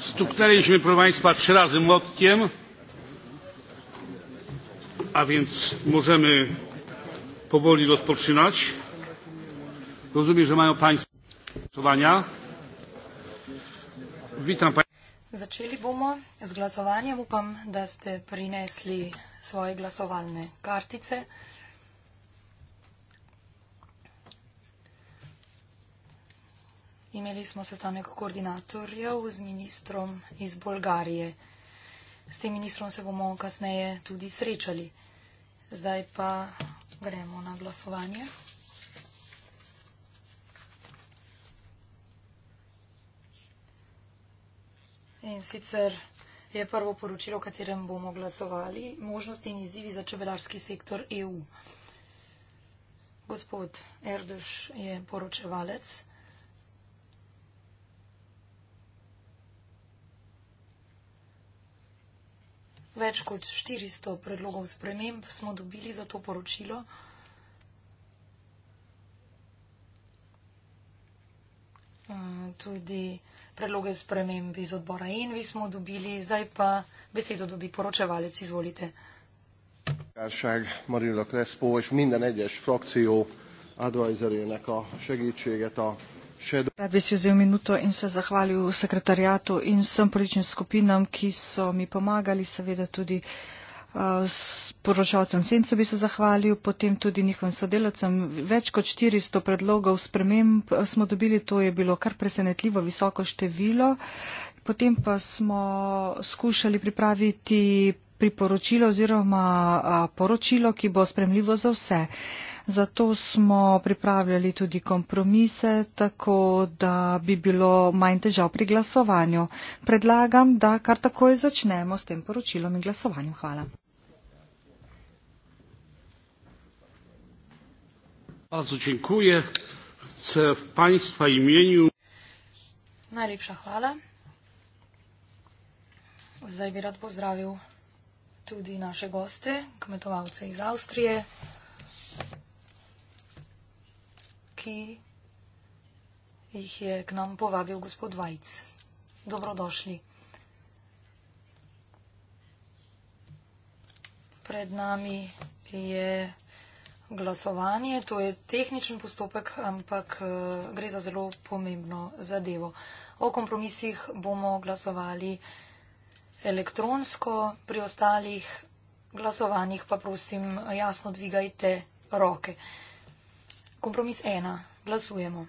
Stuknęliśmy, proszę Państwa, trzy razy młotkiem, a więc możemy powoli rozpoczynać. Rozumiem, że mają Państwo głosowania. Witam Państwa. Zaczęli bomo z głosowaniem. Upam, daście przynieśli swoje głosowalne kartice. Imeli smo sestanek koordinatorjev z ministrom iz Bolgarije. S tem ministrom se bomo kasneje tudi srečali. Zdaj pa gremo na glasovanje. In sicer je prvo poročilo, o katerem bomo glasovali, možnosti in izzivi za čebelarski sektor EU. Gospod Erdoš je poročevalec. Več kot 400 predlogov sprememb smo dobili za to poročilo. Mm, tudi predloge sprememb iz odbora Envi smo dobili, zdaj pa besedo dobi poročevalec, izvolite. Kárság Marilla Crespo és minden egyes frakció advisorének a segítséget a Rad bi si vzel minuto in se zahvalil sekretarjatu in vsem političnim skupinam, ki so mi pomagali, seveda tudi uh, poročalcem Sencu bi se zahvalil, potem tudi njihovim sodelovcem. Več kot 400 predlogov sprememb uh, smo dobili, to je bilo kar presenetljivo visoko število. Potem pa smo skušali pripraviti priporočilo oziroma poročilo, ki bo spremljivo za vse. Zato smo pripravljali tudi kompromise, tako da bi bilo manj težav pri glasovanju. Predlagam, da kar takoj začnemo s tem poročilom in glasovanjem. Hvala. Bardzo dziękuję. Chcę w Państwa imieniu. Najlepsza chwała. Zajmie rad pozdrawił tudi naše goste, kmetovalce iz Avstrije, ki jih je k nam povabil gospod Vajc. Dobrodošli. Pred nami je glasovanje, to je tehničen postopek, ampak eh, gre za zelo pomembno zadevo. O kompromisih bomo glasovali elektronsko, pri ostalih glasovanjih pa prosim jasno dvigajte roke. Kompromis ena. Glasujemo.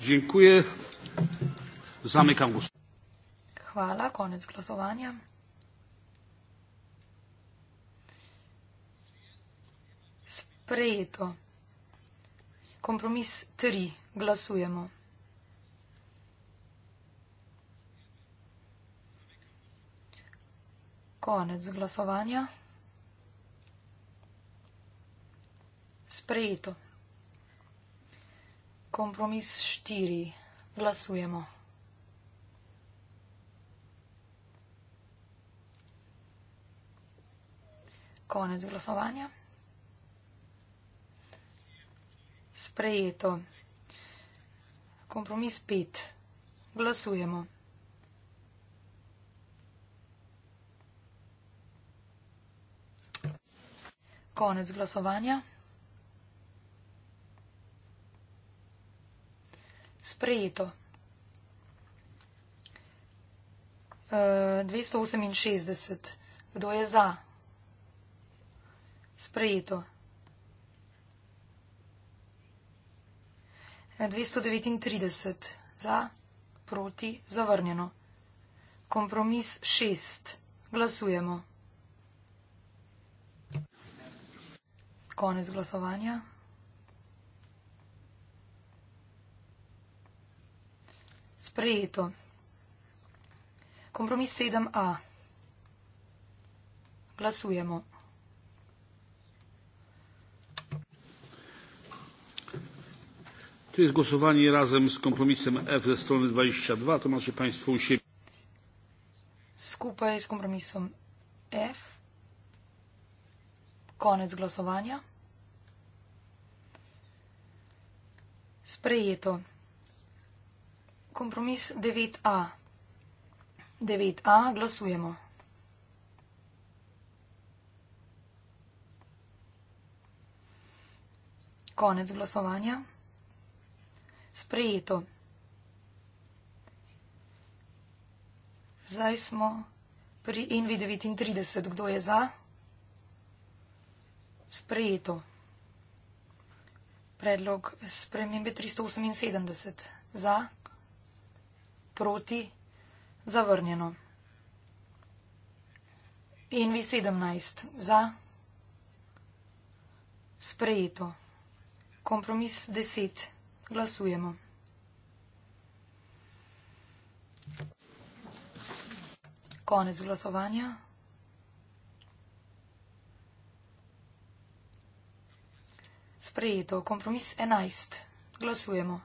Dziękuję. Zamykam głos. Hvala, konec glasovanja. Sprejeto. Kompromis 3. Glasujemo. Konec glasovanja. Sprejeto. Kompromis štiri. Glasujemo. Konec glasovanja. Sprejeto. Kompromis pet. Glasujemo. Konec glasovanja. Sprejeto. 268. E, Kdo je za? Sprejeto. 239. E, za, proti, zavrnjeno. Kompromis 6. Glasujemo. konec glasovanja. Sprejeto. Kompromis 7a. Glasujemo. To jest głosowanie razem z kompromisem F ze strony 22. To macie Państwo u siebie. Skupaj z kompromisem F. Konec glasovanja. Sprejeto. Kompromis 9a. 9a glasujemo. Konec glasovanja. Sprejeto. Zdaj smo pri NV39. Kdo je za? sprejeto. Predlog spremembe 378. Za, proti, zavrnjeno. NV17. Za, sprejeto. Kompromis 10. Glasujemo. Konec glasovanja. sprejeto. Kompromis 11. Glasujemo.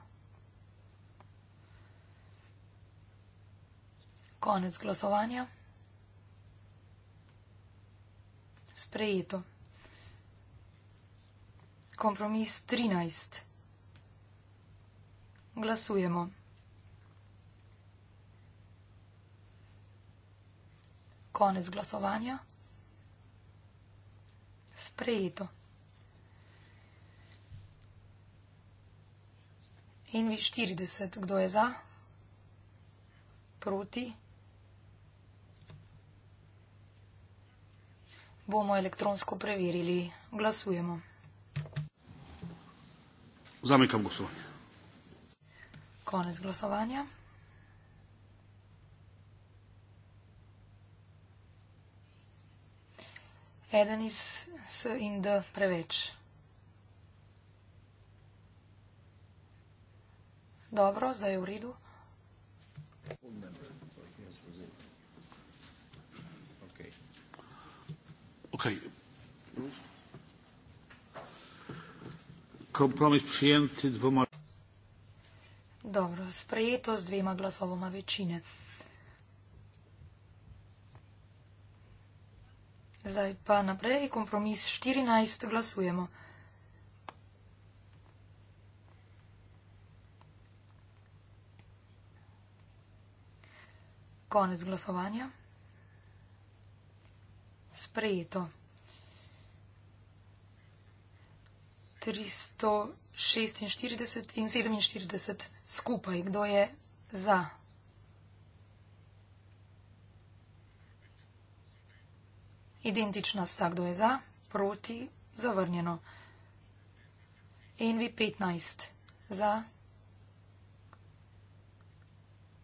Konec glasovanja. Sprejeto. Kompromis 13. Glasujemo. Konec glasovanja. Sprejeto. In vi 40. Kdo je za? Proti? Bomo elektronsko preverili. Glasujemo. Zamekam glasovanje. Konec glasovanja. Eden iz S in D preveč. Dobro, zdaj je v redu. Okay. Kompromis prijet dvoma. Dobro, sprejeto z dvema glasovoma večine. Zdaj pa naprej, kompromis 14, glasujemo. Konec glasovanja. Sprejeto. 346 in 47 skupaj. Kdo je za? Identična sta, kdo je za, proti, zavrnjeno. NV 15 za.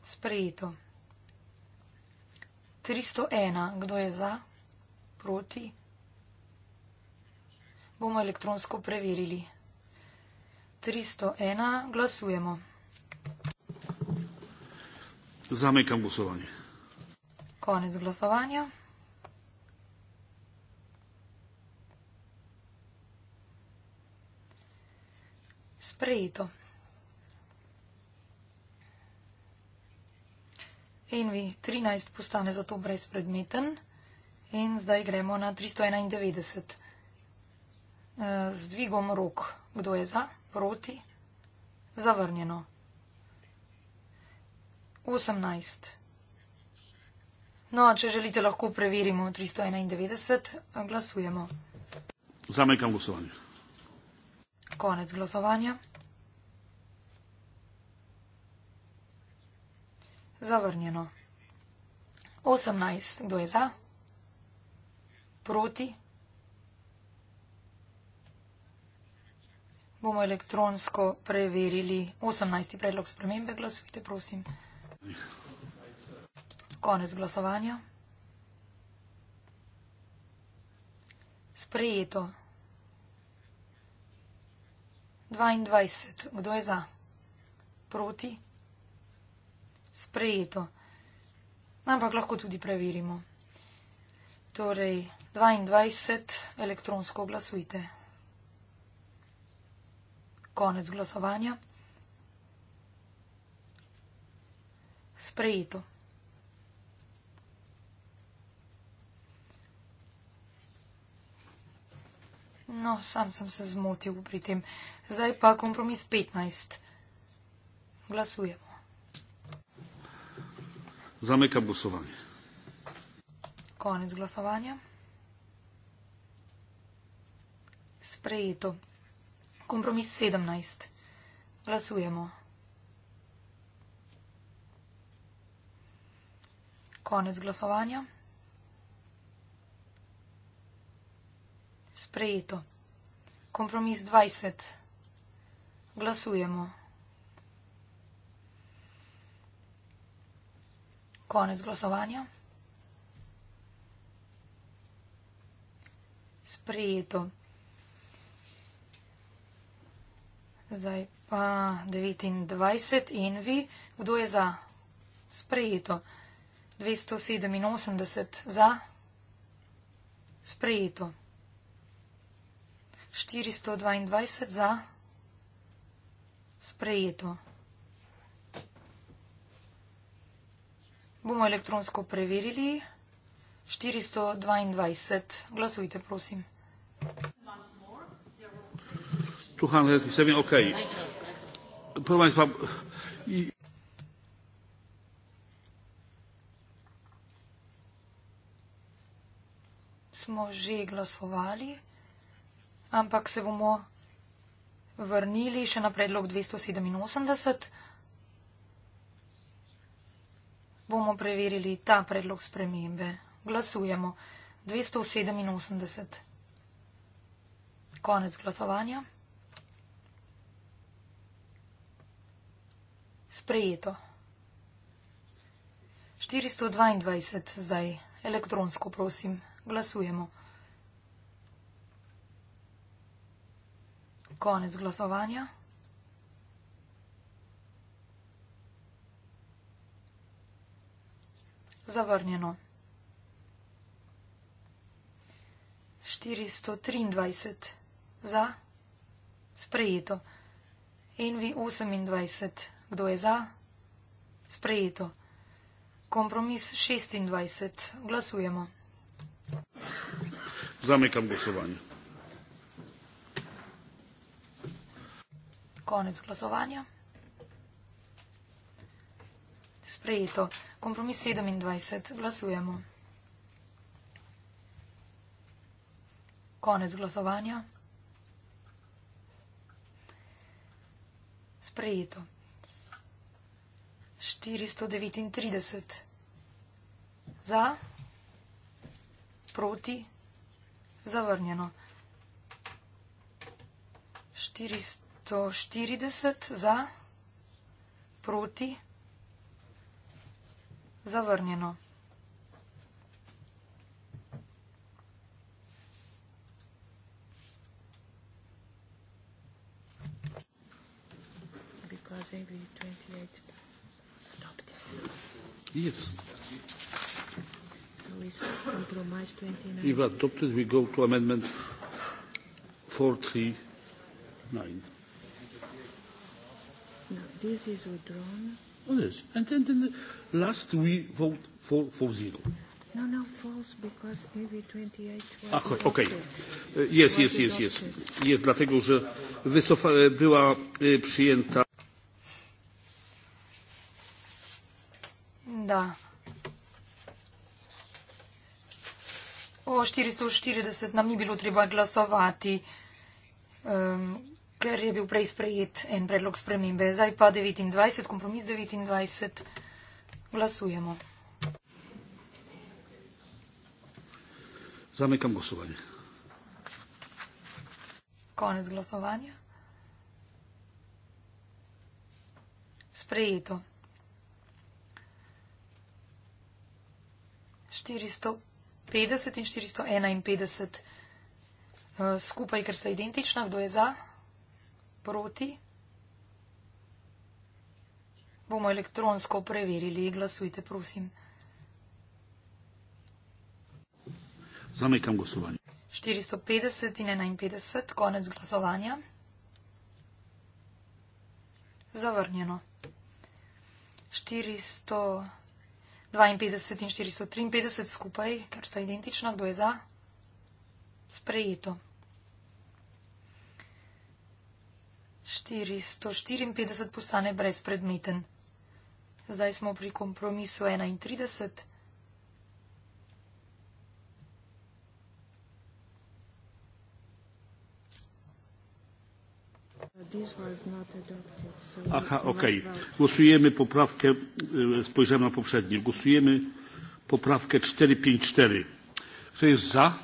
Sprejeto. 301, kdo je za, proti. Bomo elektronsko preverili. 301, glasujemo. Zamekam glasovanje. Konec glasovanja. Sprejeto. NV13 postane zato brezpredmeten in zdaj gremo na 391. E, z dvigom rok, kdo je za, proti, zavrnjeno. 18. No, če želite, lahko preverimo 391, glasujemo. Zamekam glasovanje. Konec glasovanja. Zavrnjeno. 18. Kdo je za? Proti? Bomo elektronsko preverili 18. predlog spremembe. Glasujte, prosim. Konec glasovanja. Sprejeto. 22. Kdo je za? Proti? sprejeto. Ampak lahko tudi preverimo. Torej, 22 elektronsko glasujte. Konec glasovanja. Sprejeto. No, sam sem se zmotil pri tem. Zdaj pa kompromis 15. Glasujemo. Zamykam głosowanie. Koniec głosowania. Sprejeto. Kompromis 17. Głosujemy. Koniec głosowania. Sprejeto. Kompromis 20. Głosujemy. Konec glasovanja. Sprejeto. Zdaj pa 29 in vi, kdo je za? Sprejeto. 287 za. Sprejeto. 422 za. Sprejeto. Bomo elektronsko preverili. 422. Glasujte, prosim. Smo že glasovali, ampak se bomo vrnili še na predlog 287 bomo preverili ta predlog spremembe. Glasujemo 287. Konec glasovanja. Sprejeto. 422 zdaj elektronsko, prosim. Glasujemo. Konec glasovanja. zavrnjeno. 423 za, sprejeto. Envi 28, kdo je za, sprejeto. Kompromis 26, glasujemo. Zamekam glasovanje. Konec glasovanja sprejeto. Kompromis 27. Glasujemo. Konec glasovanja. Sprejeto. 439. Za. Proti. Zavrnjeno. 440 za, proti Zavrnjeno. Yes. So it's compromise 29. If adopted, we go to amendment 439. Now, this is withdrawn on this. And then, then the last we vote for four zero. No, no, false, because AV 28 was ah, okay. uh, Yes, yes, yes, yes. Yes, dlatego, że wycofa, e, była y, e, przyjęta. Da. O 440 nam ni bilo treba glasovati. Um, ker je bil prej sprejet en predlog spremembe. Zdaj pa 29, kompromis 29. Glasujemo. Zamekam glasovanje. Konec glasovanja. Sprejeto. 450 in 451 uh, e, skupaj, ker sta identična. Kdo je za? proti? Bomo elektronsko preverili. Glasujte, prosim. Zamekam glasovanje. 450 in 51, konec glasovanja. Zavrnjeno. 452 in 453 skupaj, ker sta identična, kdo je za? Sprejeto. 454 postane brezpredmeten. Zdaj smo pri kompromisu 31. Aha, ok. Głosujemy poprawkę, e, spojrzałem na poprzednie. Głosujemy poprawkę 454. Kto jest za?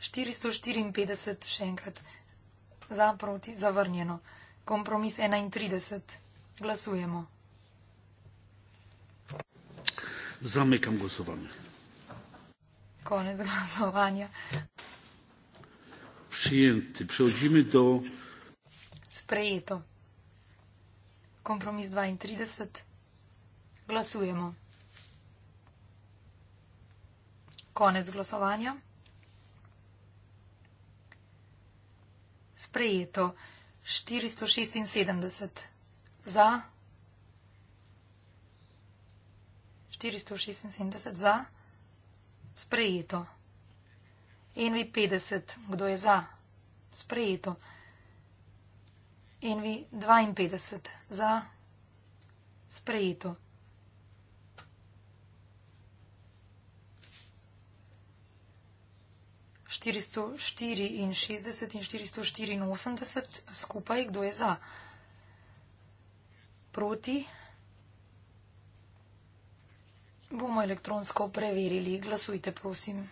454, jeszcze raz. Za proti zavrnjeno. Kompromis 31. Glasujemo. Zamekam glasovanje. Konec glasovanja. Prijeti. Prehodimo do. Sprejeto. Kompromis 32. Glasujemo. Konec glasovanja. sprejeto 476 za. 476 za, sprejeto. NV50, kdo je za, sprejeto. NV52 za, sprejeto. 464 in 484 skupaj, kdo je za? Proti? Bomo elektronsko preverili. Glasujte, prosim.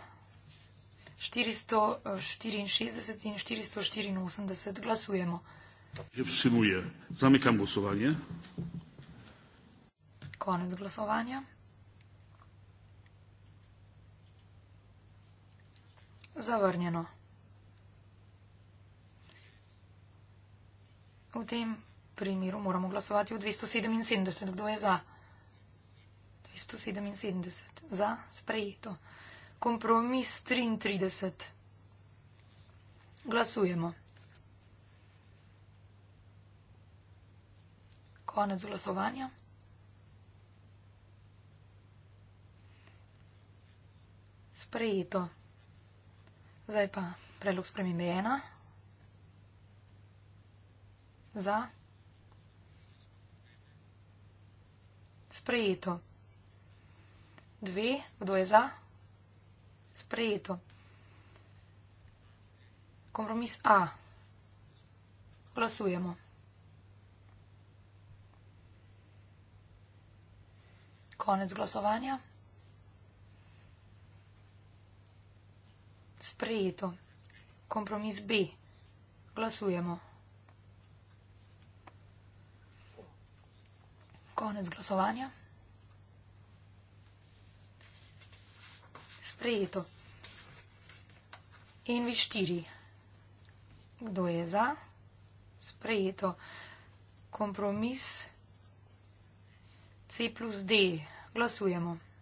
464 in 484 glasujemo. Že vsi mu je. Zamekam glasovanje. Konec glasovanja. zavrnjeno. V tem primeru moramo glasovati o 277. Kdo je za? 277. Za sprejeto. Kompromis 33. Glasujemo. Konec glasovanja. Sprejeto. Zdaj pa predlog spremembe ena. Za. Sprejeto. Dve. Kdo je za? Sprejeto. Kompromis A. Glasujemo. Konec glasovanja. Sprejeto. Kompromis B. Glasujemo. Konec glasovanja. Sprejeto. In vi štiri. Kdo je za? Sprejeto. Kompromis C plus D. Glasujemo.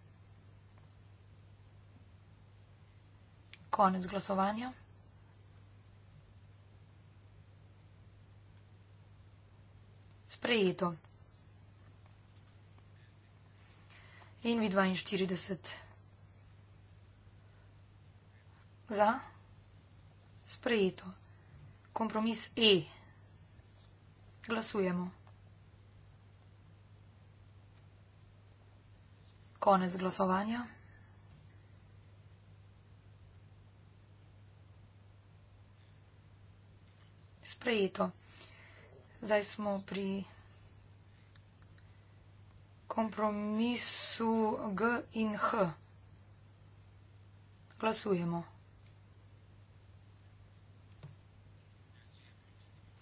Konec glasovanja. Sprejeto. In vi 42. Za. Sprejeto. Kompromis E. Glasujemo. Konec glasovanja. sprejeto. Zdaj smo pri kompromisu G in H. Glasujemo.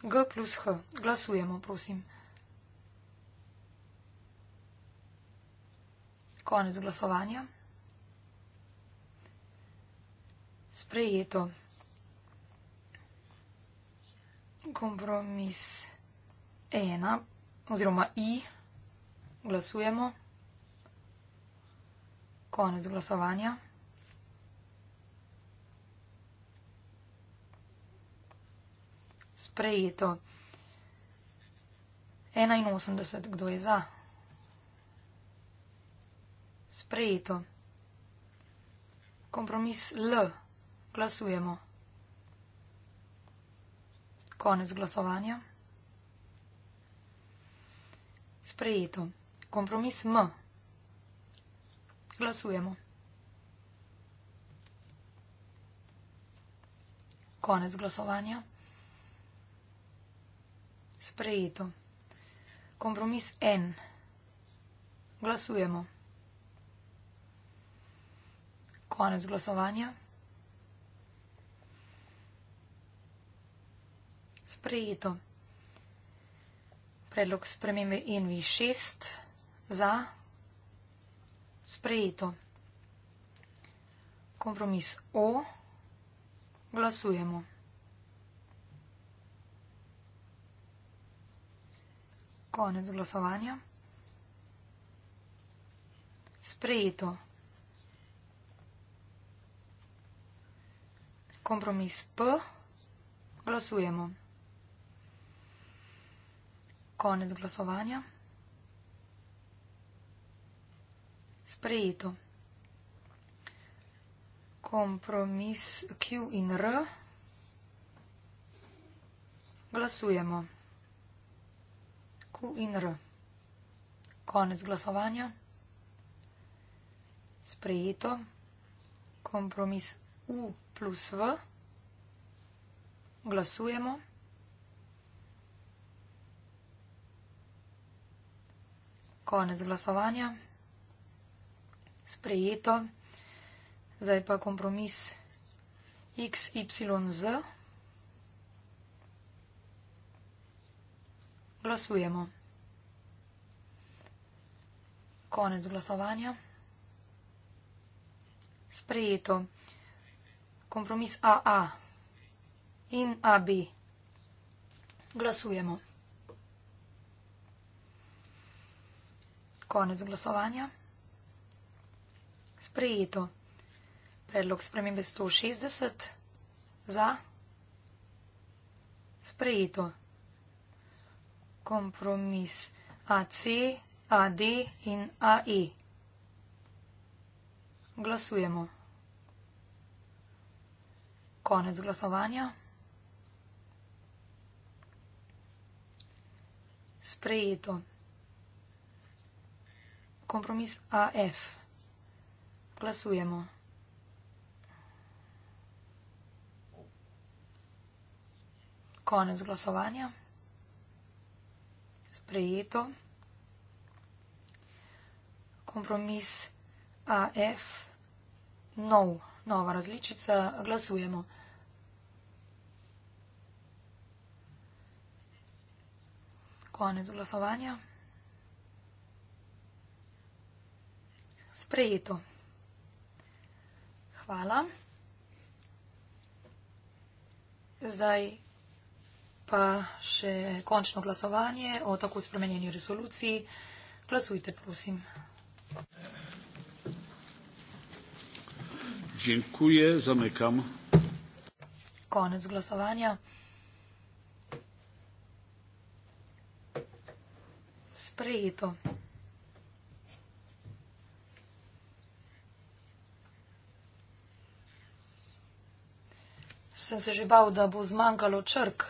G plus H. Glasujemo, prosim. Konec glasovanja. Sprejeto kompromis ena oziroma i, glasujemo. Konec glasovanja. Sprejeto. 81, kdo je za? Sprejeto. Kompromis L. Glasujemo. Konec glasovanja. Sprejeto. Kompromis M. Glasujemo. Konec glasovanja. Sprejeto. Kompromis N. Glasujemo. Konec glasovanja. sprejeto. Predlog spremembe NV6 za sprejeto. Kompromis O. Glasujemo. Konec glasovanja. Sprejeto. Kompromis P. Glasujemo. Konec glasovanja. Sprejeto. Kompromis Q in R. Glasujemo. Q in R. Konec glasovanja. Sprejeto. Kompromis U plus V. Glasujemo. konec glasovanja. Sprejeto. Zdaj pa kompromis XYZ. Glasujemo. Konec glasovanja. Sprejeto. Kompromis AA in AB. Glasujemo. Konec glasovanja. Sprejeto. Predlog spremembe 160. Za. Sprejeto. Kompromis AC, AD in AE. Glasujemo. Konec glasovanja. Sprejeto kompromis AF. Glasujemo. Konec glasovanja. Sprejeto. Kompromis AF. Nov, nova različica. Glasujemo. Konec glasovanja. sprejeto. Hvala. Zdaj pa še končno glasovanje o tako spremenjeni resoluciji. Glasujte, prosim. Dziękuję, zamykam. Koniec glasovanja. Sprejeto. sem se že bal, da bo zmanjkalo črk.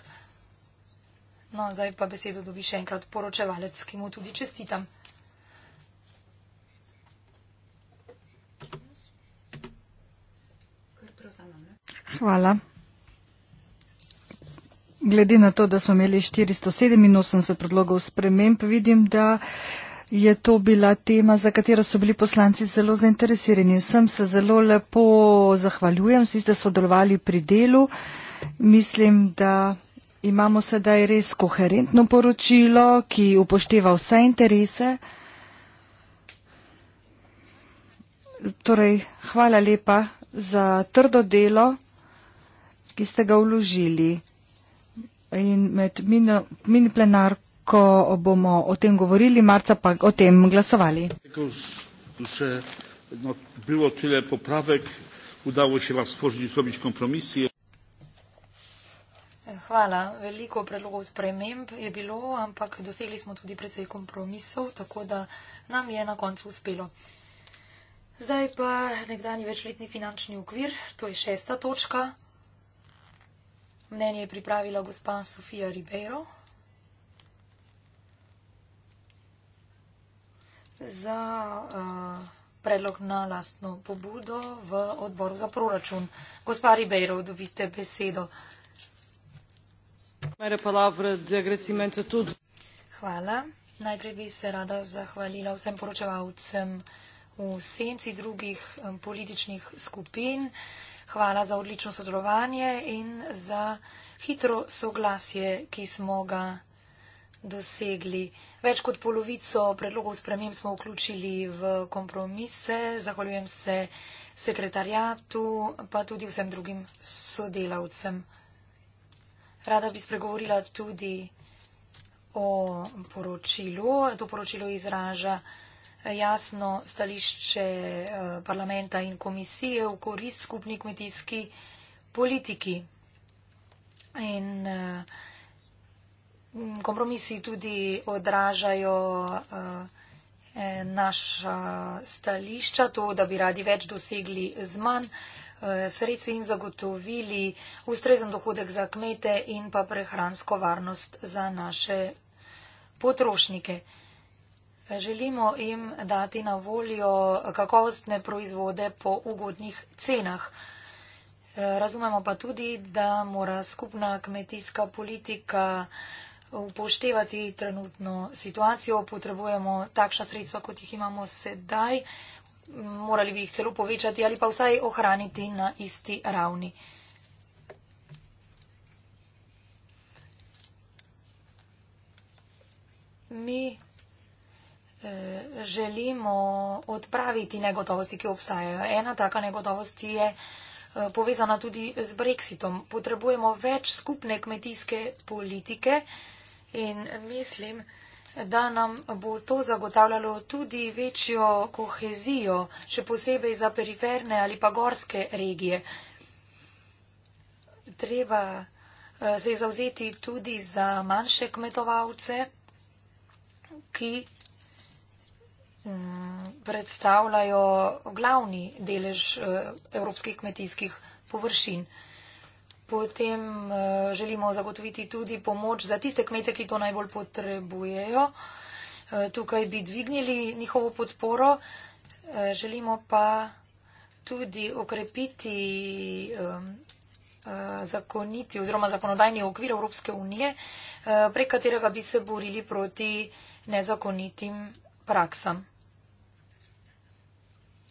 No, zdaj pa besedo dobi še enkrat poročevalec, ki mu tudi čestitam. Hvala. Glede na to, da smo imeli 487 predlogov sprememb, vidim, da je to bila tema, za katero so bili poslanci zelo zainteresirani. Vsem se zelo lepo zahvaljujem, vsi ste sodelovali pri delu. Mislim, da imamo sedaj res koherentno poročilo, ki upošteva vse interese. Torej, hvala lepa za trdo delo, ki ste ga vložili in med mini plenarko ko bomo o tem govorili, marca pa o tem glasovali. No, bilo tudi popravek, udalo še vam spožiti sobič kompromisije. Hvala. Veliko predlogov sprememb je bilo, ampak dosegli smo tudi predvsej kompromisov, tako da nam je na koncu uspelo. Zdaj pa nekdani večletni finančni ukvir, to je šesta točka. Mnenje je pripravila gospa Sofija Ribeiro. za uh, predlog na lastno pobudo v odboru za proračun. Gospa Ribeiro, dobite besedo. Hvala. Najprej bi se rada zahvalila vsem poročevalcem v senci drugih eh, političnih skupin. Hvala za odlično sodelovanje in za hitro soglasje, ki smo ga dosegli. Več kot polovico predlogov sprememb smo vključili v kompromise. Zahvaljujem se sekretarjatu, pa tudi vsem drugim sodelavcem. Rada bi spregovorila tudi o poročilu. To poročilo izraža jasno stališče eh, parlamenta in komisije v korist skupni kmetijski politiki. In uh, Kompromisi tudi odražajo eh, naša stališča, to, da bi radi več dosegli z manj eh, sredstvi in zagotovili ustrezen dohodek za kmete in pa prehransko varnost za naše potrošnike. Želimo jim dati na voljo kakovostne proizvode po ugodnih cenah. Eh, razumemo pa tudi, da mora skupna kmetijska politika upoštevati trenutno situacijo, potrebujemo takšna sredstva, kot jih imamo sedaj, morali bi jih celo povečati ali pa vsaj ohraniti na isti ravni. Mi eh, želimo odpraviti negotovosti, ki obstajajo. Ena taka negotovost je eh, povezana tudi z brexitom. Potrebujemo več skupne kmetijske politike, in mislim, da nam bo to zagotavljalo tudi večjo kohezijo, še posebej za periferne ali pa gorske regije. Treba eh, se je zauzeti tudi za manjše kmetovalce, ki mm, predstavljajo glavni delež eh, evropskih kmetijskih površin. Potem eh, želimo zagotoviti tudi pomoč za tiste kmete, ki to najbolj potrebujejo. Eh, tukaj bi dvignili njihovo podporo. Eh, želimo pa tudi okrepiti zakoniti oziroma zakonodajni okvir Evropske unije, prek katerega bi se borili proti nezakonitim praksam.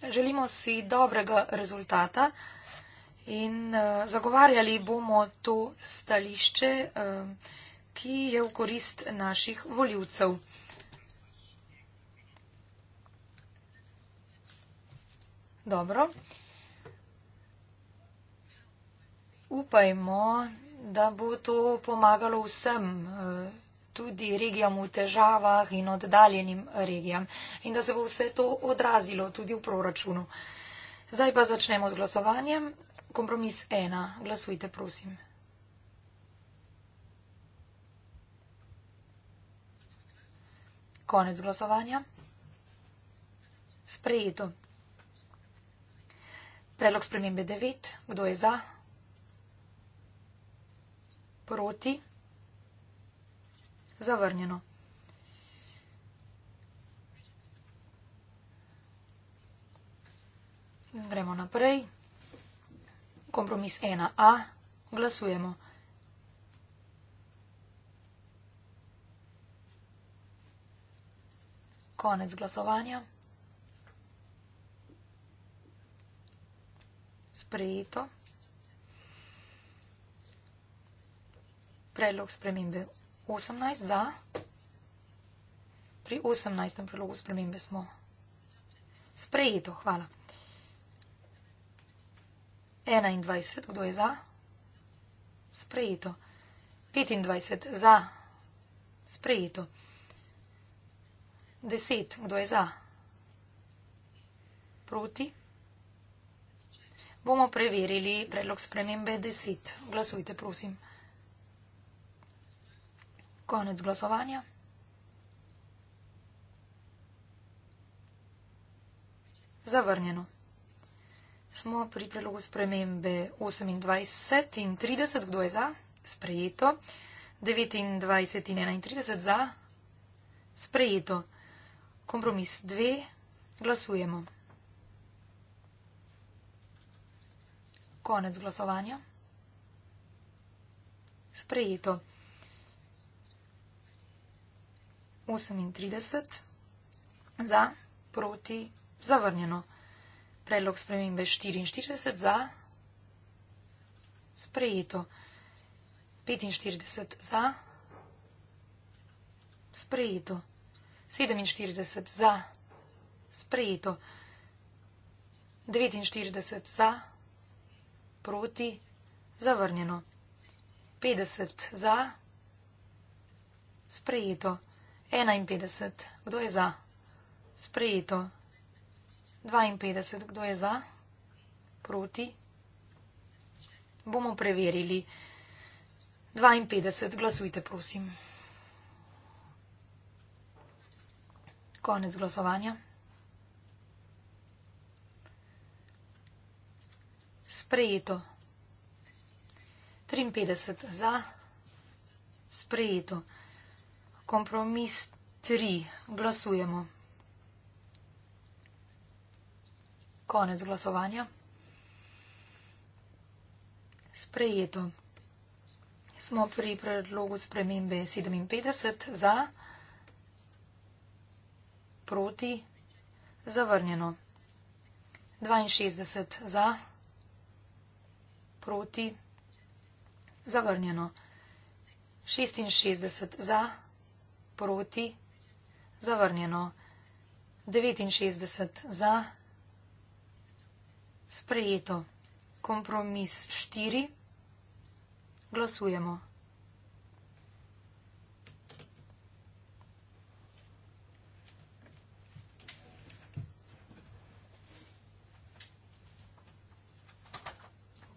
Želimo si dobrega rezultata. In uh, zagovarjali bomo to stališče, uh, ki je v korist naših voljivcev. Dobro. Upajmo, da bo to pomagalo vsem, eh, tudi regijam v težavah in oddaljenim regijam in da se bo vse to odrazilo tudi v proračunu. Zdaj pa začnemo z glasovanjem. Kompromis ena. Glasujte, prosim. Konec glasovanja. Sprejeto. Predlog spremembe 9. Kdo je za? Proti? Zavrnjeno. Gremo naprej kompromis 1A, glasujemo. Konec glasovanja. Sprejeto. Predlog spremembe 18 za. Pri 18. predlogu spremembe smo. Sprejeto, hvala. 21, kdo je za? Sprejeto. 25, za? Sprejeto. 10, kdo je za? Proti? Bomo preverili predlog spremembe 10. Glasujte, prosim. Konec glasovanja. Zavrnjeno. Smo pri predlogu spremembe 28 in 30, kdo je za? Sprejeto. 29 in 31 za? Sprejeto. Kompromis 2. Glasujemo. Konec glasovanja. Sprejeto. 38 za, proti, zavrnjeno predlog spremembe 44 za, sprejeto 45 za, sprejeto 47 za, sprejeto 49 za, proti, zavrnjeno 50 za, sprejeto 51, kdo je za, sprejeto 51. 52, kdo je za, proti. Bomo preverili. 52, glasujte, prosim. Konec glasovanja. Sprejeto. 53 za. Sprejeto. Kompromis 3. Glasujemo. Konec glasovanja. Sprejeto. Smo pri predlogu spremembe 57 za, proti, zavrnjeno. 62 za, proti, zavrnjeno. 66 za, proti, zavrnjeno. 69 za, proti. Sprejeto. Kompromis štiri. Glasujemo.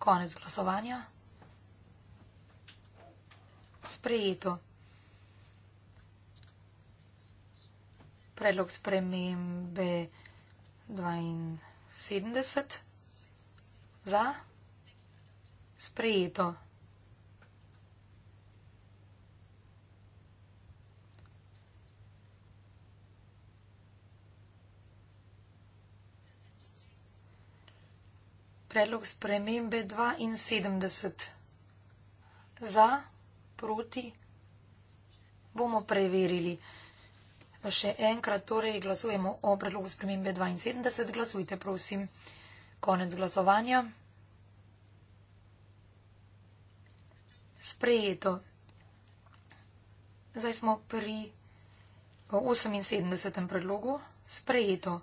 Konec glasovanja. Sprejeto. Predlog spremembe dvainsedemdeset. Za? Sprejeto. Predlog spremembe 72. Za, proti, bomo preverili. Še enkrat torej glasujemo o predlogu spremembe 72. Glasujte, prosim. Konec glasovanja. Sprejeto. Zdaj smo pri 78. predlogu. Sprejeto.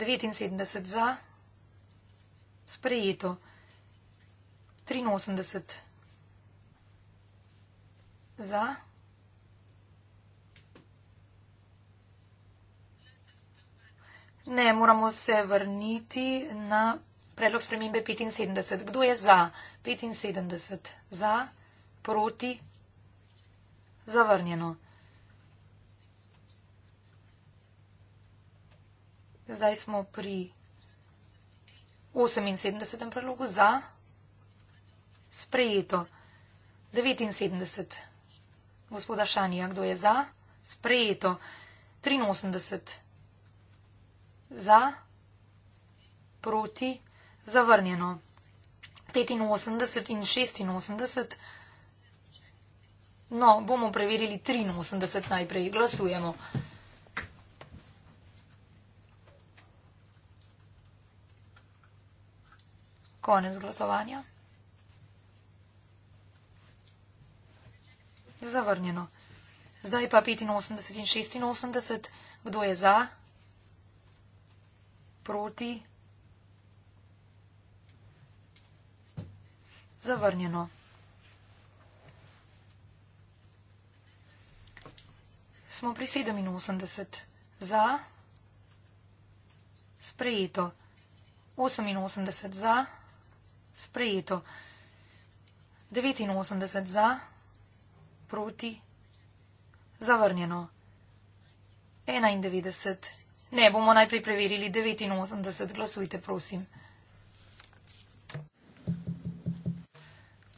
79 za. Sprejeto. 83 za. Ne, moramo se vrniti na predlog spremembe 75. Kdo je za? 75. Za, proti, zavrnjeno. Zdaj smo pri 78. predlogu za sprejeto. 79. Gospoda Šanija, kdo je za? Sprejeto. 83 za, proti, zavrnjeno. 85 in 86. No, bomo preverili 83 najprej. Glasujemo. Konec glasovanja. Zavrnjeno. Zdaj pa 85 in 86. Kdo je za? proti. Zavrnjeno. Smo pri 87. Za. Sprejeto. 88 za. Sprejeto. 89 za. Proti. Zavrnjeno. 91. Ne, bomo najprej preverili 89. Glasujte, prosim.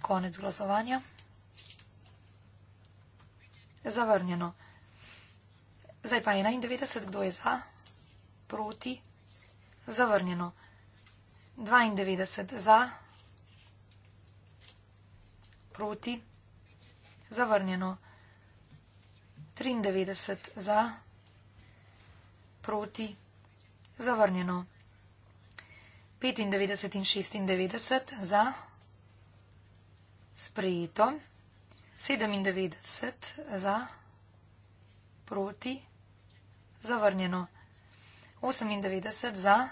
Konec glasovanja. Zavrnjeno. Zdaj pa 91. Kdo je za? Proti? Zavrnjeno. 92. Za? Proti? Zavrnjeno. 93. Za? proti, zavrnjeno. 95 in 96 za, sprejeto. 97 za, proti, zavrnjeno. 98 za,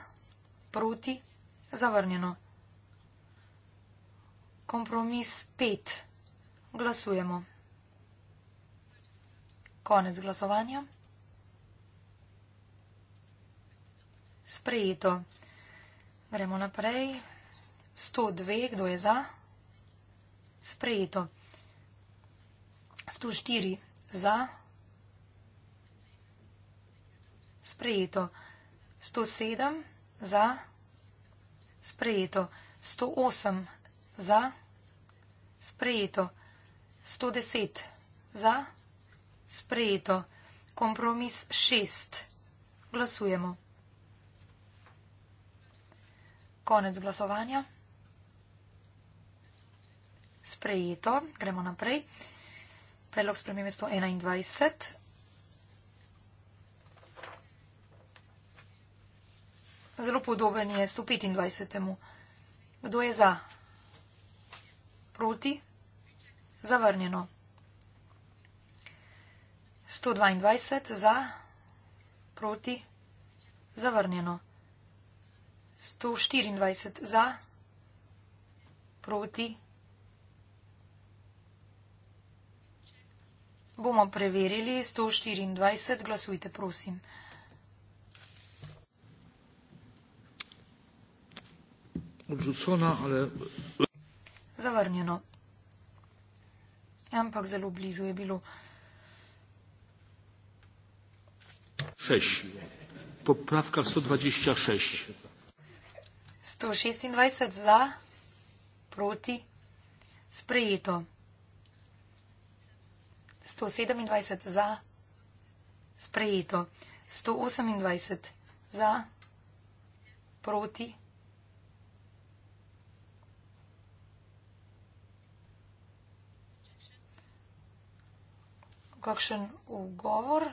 proti, zavrnjeno. Kompromis 5. Glasujemo. Konec glasovanja. sprejeto. Gremo naprej. 102, kdo je za? Sprejeto. 104 za. Sprejeto. 107 za. Sprejeto. 108 za. Sprejeto. 110 za. Sprejeto. Kompromis 6. Glasujemo. Konec glasovanja. Sprejeto. Gremo naprej. Predlog spremembe 121. Zelo podoben je 125. Kdo je za? Proti? Zavrnjeno. 122 za, proti, zavrnjeno. 124 za, proti. Bomo preverili 124, glasujte, prosim. Zavrnjeno. Ampak zelo blizu je bilo. Šeš. Popravka 126. 126 za, proti, sprejeto. 127 za, sprejeto. 128 za, proti. Kakšen ugovor?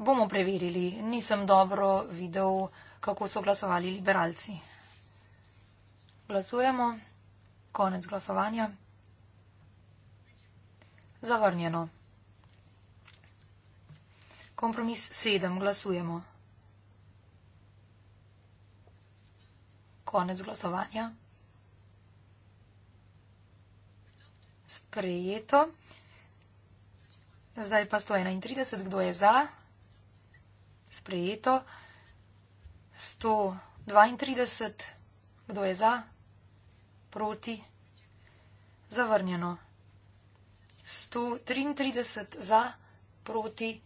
Bomo preverili. Nisem dobro videl, kako so glasovali liberalci. Glasujemo. Konec glasovanja. Zavrnjeno. Kompromis sedem. Glasujemo. Konec glasovanja. Sprejeto. Zdaj pa 131. Kdo je za? Sprejeto. 132. Kdo je za? proti. Zavrnjeno. 133 za, proti,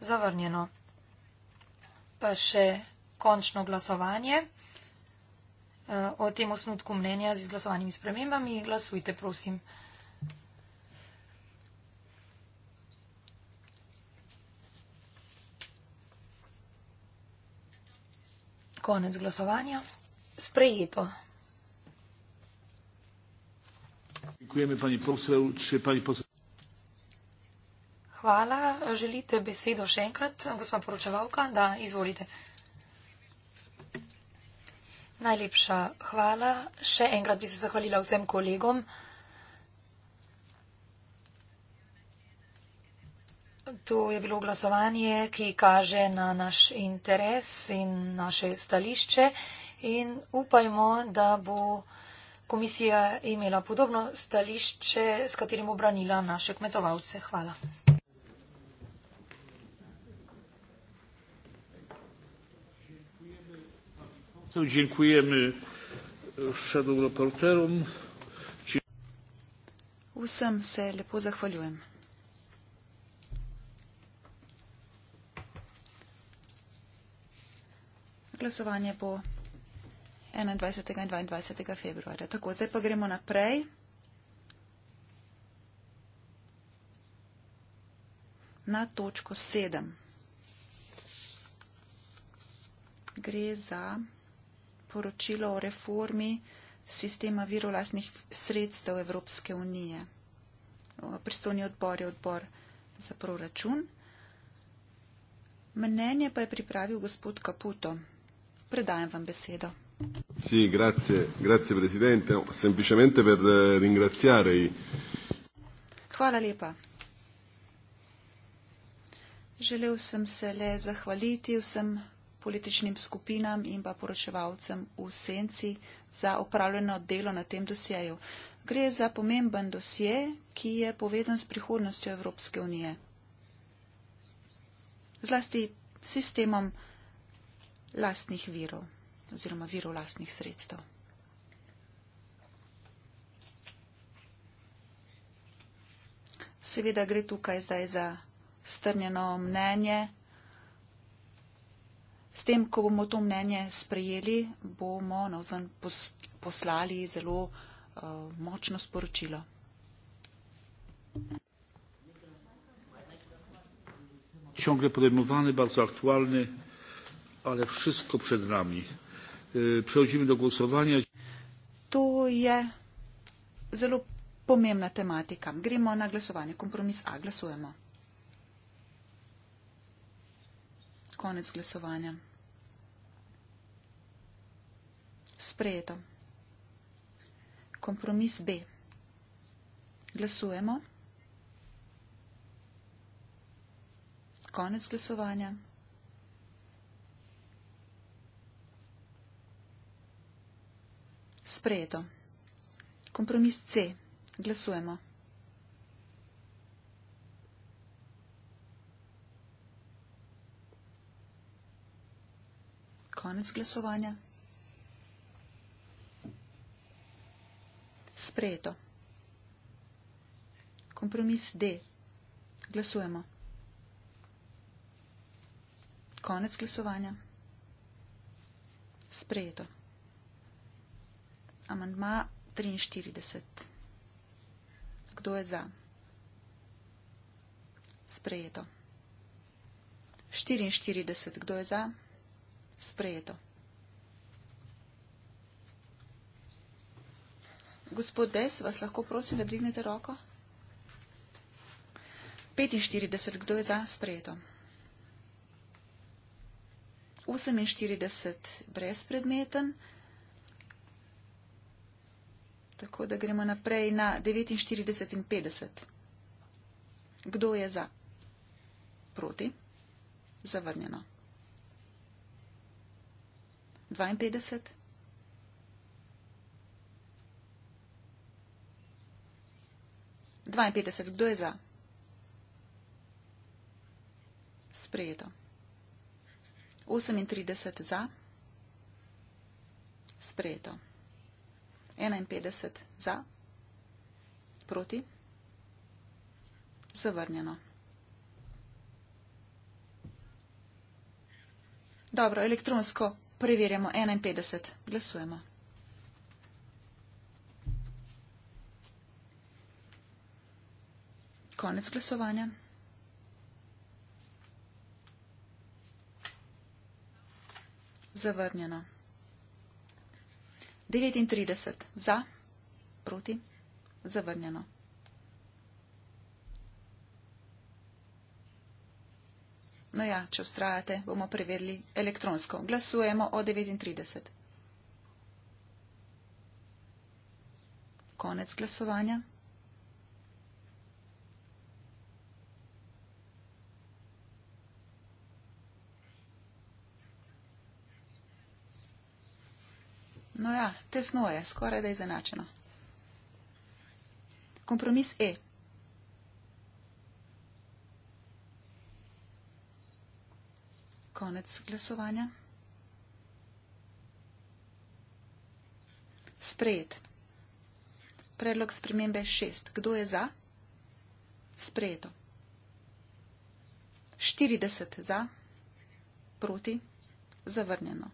zavrnjeno. Pa še končno glasovanje. Eh, o tem osnutku mnenja z izglasovanimi spremembami glasujte, prosim. Konec glasovanja. Sprejeto. Dziękujemy pani poseł. Czy pani poseł... Hvala. Želite besedo še enkrat, gospod poročevalka? Da, izvolite. Najlepša hvala. Še enkrat bi se zahvalila vsem kolegom. To je bilo glasovanje, ki kaže na naš interes in naše stališče in upajmo, da bo komisija imela podobno stališče, s katerim obranila naše kmetovalce. Hvala. Vsem se lepo zahvaljujem. Glasovanje bo 21. in 22. februarja. Tako, zdaj pa gremo naprej. Na točko 7 gre za poročilo o reformi sistema virolasnih sredstev Evropske unije. Pristovni odbor je odbor za proračun. Mnenje pa je pripravil gospod Kaputo. Predajam vam besedo. Sì, grazie, grazie Presidente. No, semplicemente per eh, ringraziare i... Hvala lepa. Želel sem se le zahvaliti vsem političnim skupinam in pa poročevalcem v senci za opravljeno delo na tem dosjeju. Gre za pomemben dosje, ki je povezan s prihodnostjo Evropske unije. Zlasti sistemom lastnih virov oziroma virov lastnih sredstev. Seveda gre tukaj zdaj za strnjeno mnenje. S tem, ko bomo to mnenje sprejeli, bomo navzven poslali zelo uh, močno sporočilo. Ciągle podejmowany, bardzo aktualny, ale wszystko przed nami. E, przechodzimy do głosowania. To jest bardzo pomemna tematyka. Gremo na głosowanie. Kompromis A. Głosujemy. Koniec głosowania. Sprejeto. Kompromis B. Głosujemy. Koniec głosowania. Sprejeto. Kompromis C. Glasujemo. Konec glasovanja. Sprejeto. Kompromis D. Glasujemo. Konec glasovanja. Sprejeto amantma 43. Kdo je za? Sprejeto. 44. Kdo je za? Sprejeto. Gospod Des, vas lahko prosim, da dvignete roko? 45. Kdo je za? Sprejeto. 48. Brezpredmeten. Tako da gremo naprej na 49 in 50. Kdo je za? Proti? Zavrnjeno. 52. Dvainpetdeset, kdo je za? Sprejeto. Osemintrideset za? Sprejeto. 51 za, proti, zavrnjeno. Dobro, elektronsko preverjamo 51, glasujemo. Konec glasovanja. Zavrnjeno. 39 za, proti, zavrnjeno. No ja, če vztrajate, bomo preverili elektronsko. Glasujemo o 39. Konec glasovanja. No ja, tesno je, skoraj da je izenačeno. Kompromis E. Konec glasovanja. Sprejet. Predlog spremembe šest. Kdo je za? Sprejeto. 40 za, proti, zavrnjeno.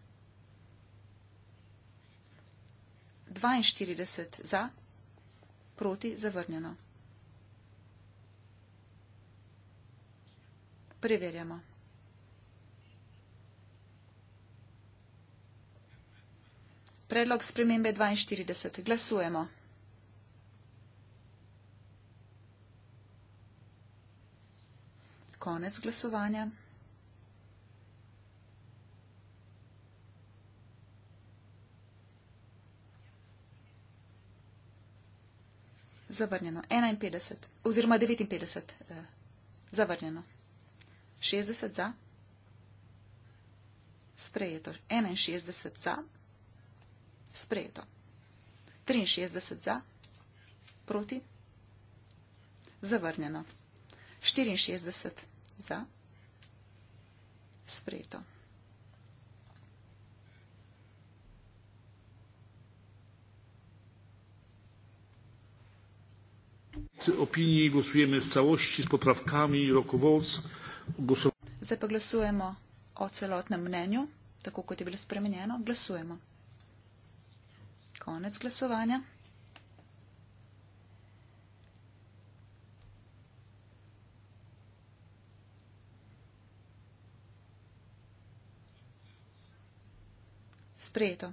42 za, proti zavrnjeno. Preverjamo. Predlog spremembe 42. Glasujemo. Konec glasovanja. zavrnjeno. 51 oziroma 59 eh, zavrnjeno. 60 za. Sprejeto. 61 za. Sprejeto. 63 za. Proti. Zavrnjeno. 64 za. Sprejeto. opinii głosujemy w całości z poprawkami roku Wolc. Głosujemy o celotnym mnieniu, tak jak było spremienione. Głosujemy. Koniec głosowania. Sprejeto.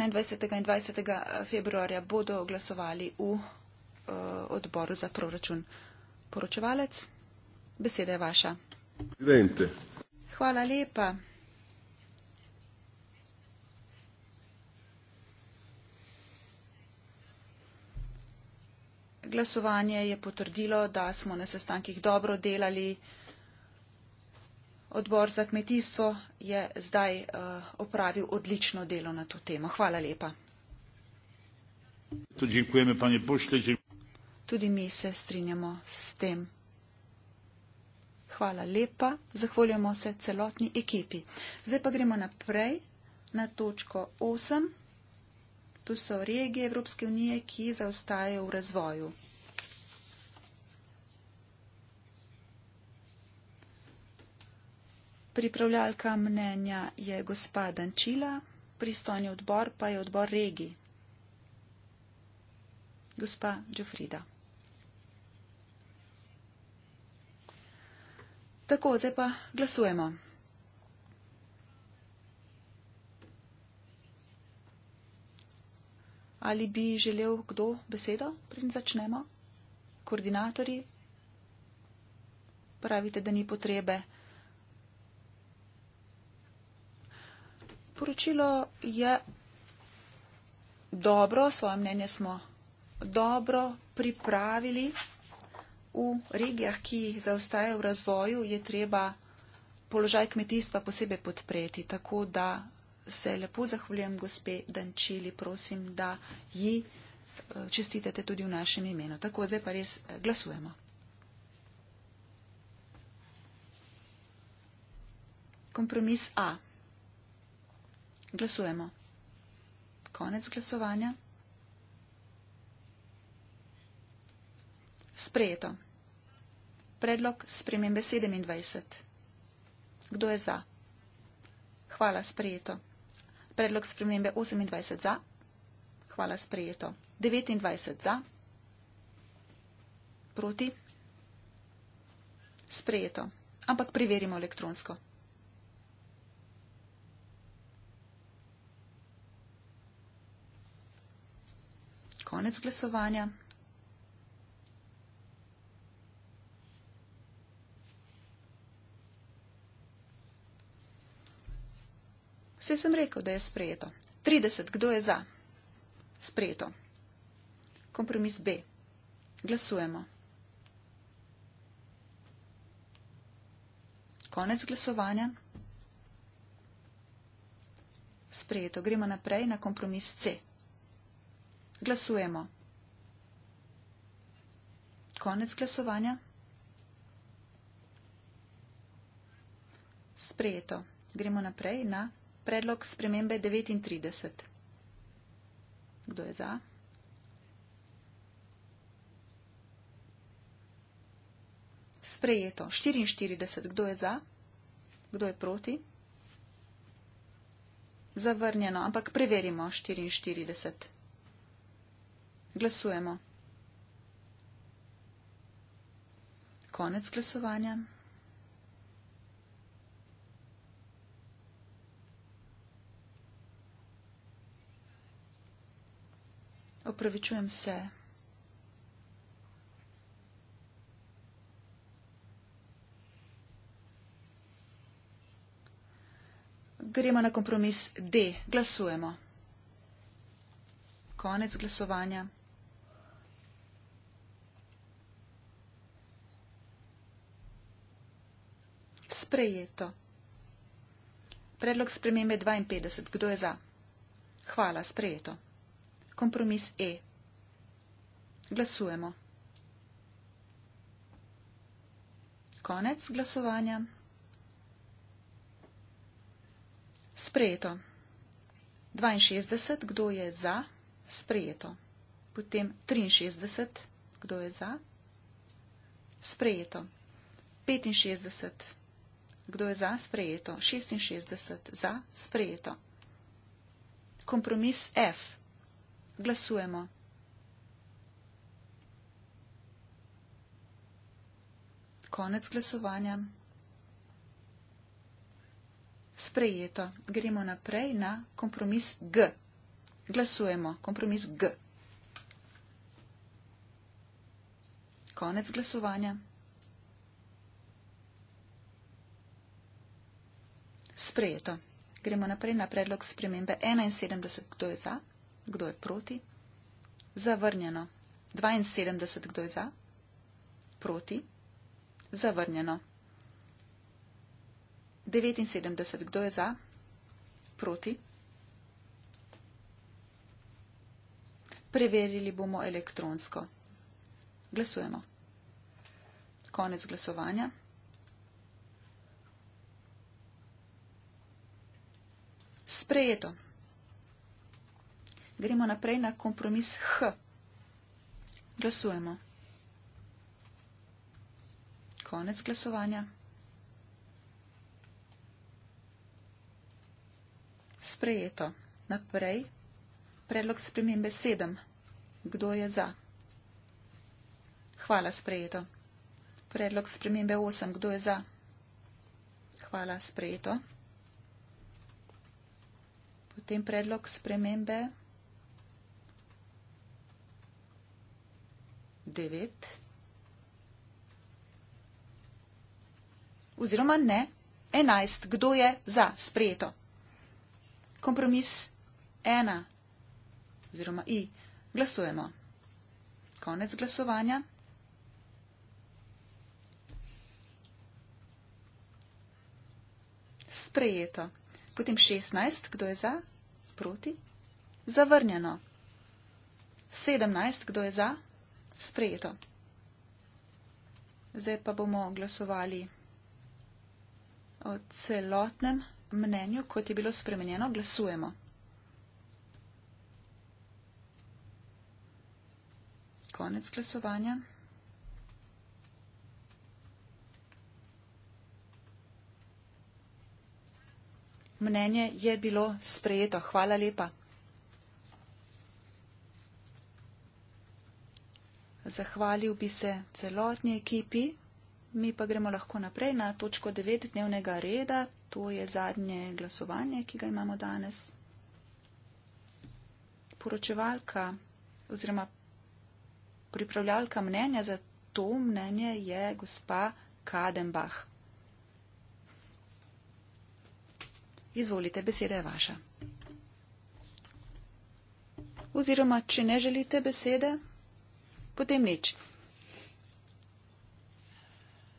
21. in 20. Eh, februarja bodo glasovali v uh, odboru za proračun. Poročevalec, beseda je vaša. Vente. Hvala lepa. Glasovanje je potrdilo, da smo na sestankih dobro delali. Odbor za kmetijstvo je zdaj eh, opravil odlično delo na to temo. Hvala lepa. Tudi mi se strinjamo s tem. Hvala lepa, zahvaljujemo se celotni ekipi. Zdaj pa gremo naprej na točko 8. Tu so regije Evropske unije, ki zaostajajo v razvoju. Pripravljalka mnenja je gospa Dančila, pristojni odbor pa je odbor regi. Gospa Džofrida. Tako, zdaj pa glasujemo. Ali bi želel kdo besedo, preden začnemo? Koordinatorji? Pravite, da ni potrebe. poročilo je dobro, svoje mnenje smo dobro pripravili. V regijah, ki zaostajajo v razvoju, je treba položaj kmetijstva posebej podpreti. Tako da se lepo zahvaljujem gospe Dančili, prosim, da ji eh, čestitete tudi v našem imenu. Tako zdaj pa res eh, glasujemo. Kompromis A. Glasujemo. Konec glasovanja. Sprejeto. Predlog spremembe 27. Kdo je za? Hvala, sprejeto. Predlog spremembe 28 za. Hvala, sprejeto. 29 za. Proti. Sprejeto. Ampak preverimo elektronsko. konec glasovanja. Vse sem rekel, da je sprejeto. 30. Kdo je za? Sprejeto. Kompromis B. Glasujemo. Konec glasovanja. Sprejeto. Gremo naprej na kompromis C. Glasujemo. Konec glasovanja. Sprejeto. Gremo naprej na predlog spremembe 39. Kdo je za? Sprejeto. 44. Kdo je za? Kdo je proti? Zavrnjeno, ampak preverimo 44. Glasujemo. Konec glasovanja. Opravičujem se. Gremo na kompromis D. Glasujemo. Konec glasovanja. Sprejeto. Predlog spremembe 52. Kdo je za? Hvala. Sprejeto. Kompromis E. Glasujemo. Konec glasovanja. Sprejeto. 62. Kdo je za? Sprejeto. Potem 63. Kdo je za? Sprejeto. 65. Kdo je za sprejeto? 66 za sprejeto. Kompromis F. Glasujemo. Konec glasovanja. Sprejeto. Gremo naprej na kompromis G. Glasujemo. Kompromis G. Konec glasovanja. Sprejeto. Gremo naprej na predlog spremembe 71. Kdo je za? Kdo je proti? Zavrnjeno. 72. Kdo je za? Proti? Zavrnjeno. 79. Kdo je za? Proti? Preverili bomo elektronsko. Glasujemo. Konec glasovanja. sprejeto. Gremo naprej na kompromis H. Glasujemo. Konec glasovanja. Sprejeto. Naprej. Predlog spremembe 7. Kdo je za? Hvala, sprejeto. Predlog spremembe 8. Kdo je za? Hvala, sprejeto potem predlog spremembe 9. Oziroma ne 11. Kdo je za sprejeto? Kompromis 1. Oziroma i. Glasujemo. Konec glasovanja. Sprejeto. Potem 16. Kdo je za? proti? Zavrnjeno. 17, kdo je za? Sprejeto. Zdaj pa bomo glasovali o celotnem mnenju, kot je bilo spremenjeno. Glasujemo. Konec glasovanja. mnenje je bilo sprejeto. Hvala lepa. Zahvalil bi se celotni ekipi. Mi pa gremo lahko naprej na točko 9 dnevnega reda. To je zadnje glasovanje, ki ga imamo danes. Poročevalka oziroma pripravljalka mnenja za to mnenje je gospa Kadenbach. Izvolite, beseda je vaša. Oziroma, če ne želite besede, potem nič.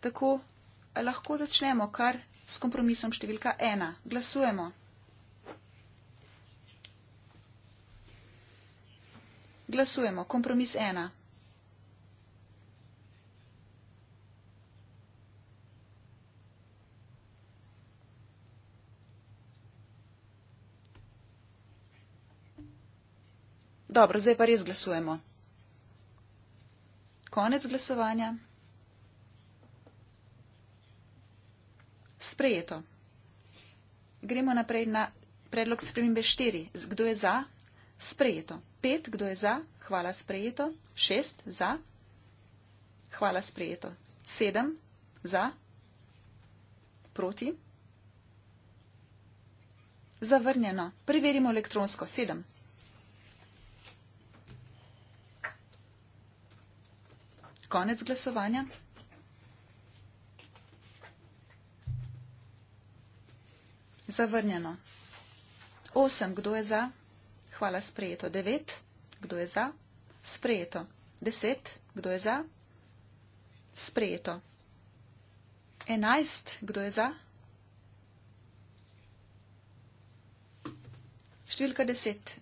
Tako lahko začnemo kar s kompromisom številka ena. Glasujemo. Glasujemo. Kompromis ena. Dobro, zdaj pa res glasujemo. Konec glasovanja. Sprejeto. Gremo naprej na predlog spremembe 4. Kdo je za? Sprejeto. 5. Kdo je za? Hvala sprejeto. 6. Za. Hvala sprejeto. 7. Za. Proti. Zavrnjeno. Preverimo elektronsko. 7. konec glasovanja. Zavrnjeno. 8. Kdo je za? Hvala, sprejeto. 9. Kdo je za? Sprejeto. 10. Kdo je za? Sprejeto. 11. Kdo je za? Številka 10.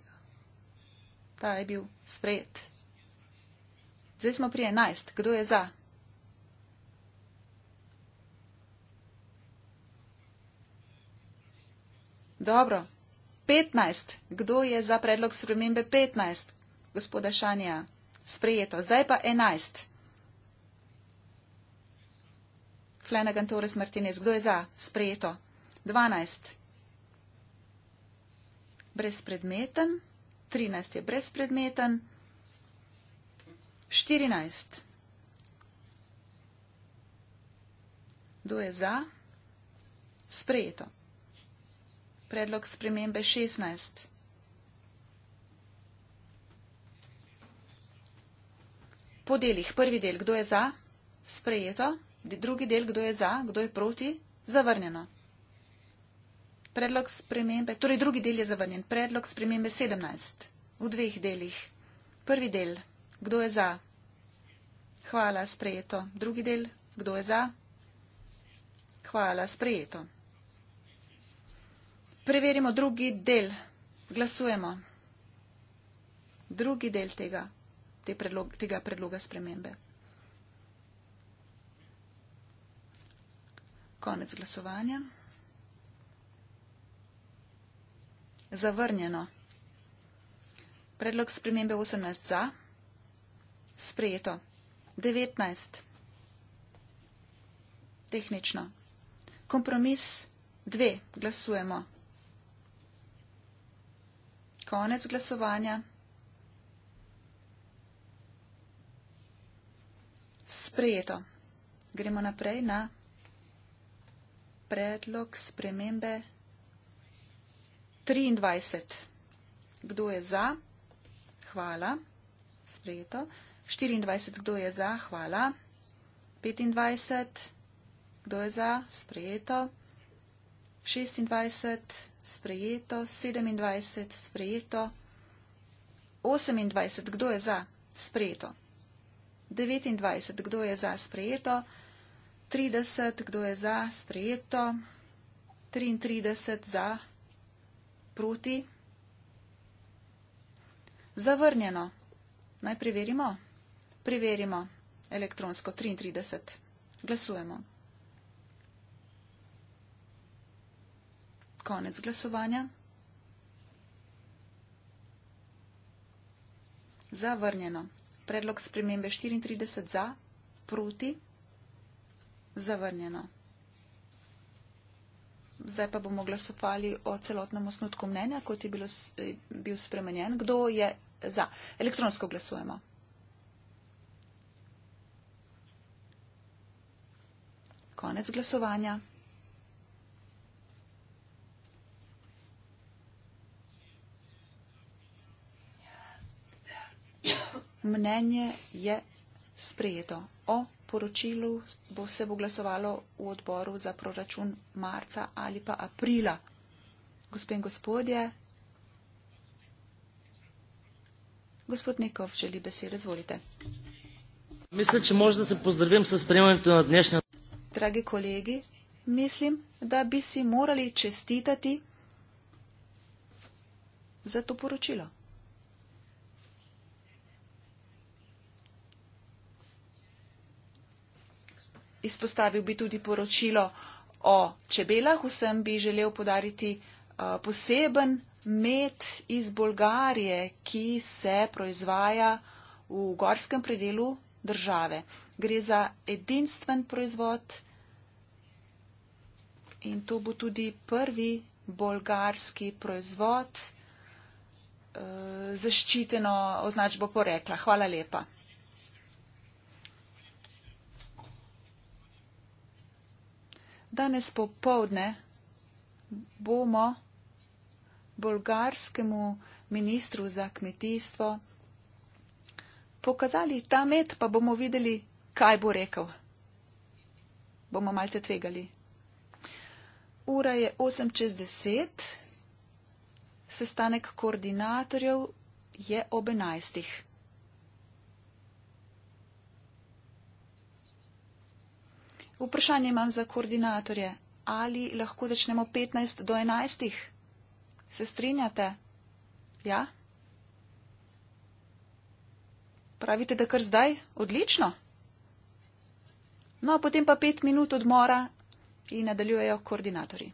Ta je bil sprejet. Zdaj smo pri 11. Kdo je za? Dobro. 15. Kdo je za predlog spremembe 15? Gospoda Šanja. Sprejeto. Zdaj pa 11. Flanagan Torres Martinez. Kdo je za? Sprejeto. 12. Brezpredmeten. 13 je brezpredmeten. 14. Kdo je za? Sprejeto. Predlog spremembe 16. Po delih. Prvi del, kdo je za? Sprejeto. Drugi del, kdo je za? Kdo je proti? Zavrnjeno. Predlog spremembe, torej drugi del je zavrnjen. Predlog spremembe 17. V dveh delih. Prvi del. Kdo je za? Hvala, sprejeto. Drugi del. Kdo je za? Hvala, sprejeto. Preverimo drugi del. Glasujemo. Drugi del tega, te predlog, tega predloga spremembe. Konec glasovanja. Zavrnjeno. Predlog spremembe 18 za. Sprejeto. 19. Tehnično. Kompromis 2. Glasujemo. Konec glasovanja. Sprejeto. Gremo naprej na predlog spremembe 23. Kdo je za? Hvala. Sprejeto. 24, kdo je za? Hvala. 25, kdo je za? Sprejeto. 26, sprejeto. 27, sprejeto. 28, kdo je za? Sprejeto. 29, kdo je za? Sprejeto. 30, kdo je za? Sprejeto. 33 za, proti. Zavrnjeno. Naj preverimo. Priverimo elektronsko 33. Glasujemo. Konec glasovanja. Zavrnjeno. Predlog spremembe 34 za, proti, zavrnjeno. Zdaj pa bomo glasovali o celotnem osnutku mnenja, kot je bilo, eh, bil spremenjen. Kdo je za? Elektronsko glasujemo. Konec glasovanja. Mnenje je sprejeto. O poročilu bo se bo glasovalo v odboru za proračun marca ali pa aprila. Gospod in gospodje, gospod Nekov želi besede, izvolite. Mislim, če možno se pozdravim s spremljanjem na dnešnjo dragi kolegi, mislim, da bi si morali čestitati za to poročilo. Izpostavil bi tudi poročilo o čebelah. Vsem bi želel podariti uh, poseben med iz Bolgarije, ki se proizvaja v gorskem predelu države. Gre za edinstven proizvod in to bo tudi prvi bolgarski proizvod eh, zaščiteno označbo porekla. Hvala lepa. Danes popovdne bomo bolgarskemu ministru za kmetijstvo pokazali ta med, pa bomo videli, kaj bo rekel. Bomo malce tvegali. Ura je 8 čez 10, sestanek koordinatorjev je ob 11. Vprašanje imam za koordinatorje. Ali lahko začnemo 15 do 11? Se strinjate? Ja? Pravite, da kar zdaj? Odlično. No, potem pa pet minut odmora in nadaljujejo koordinatorji.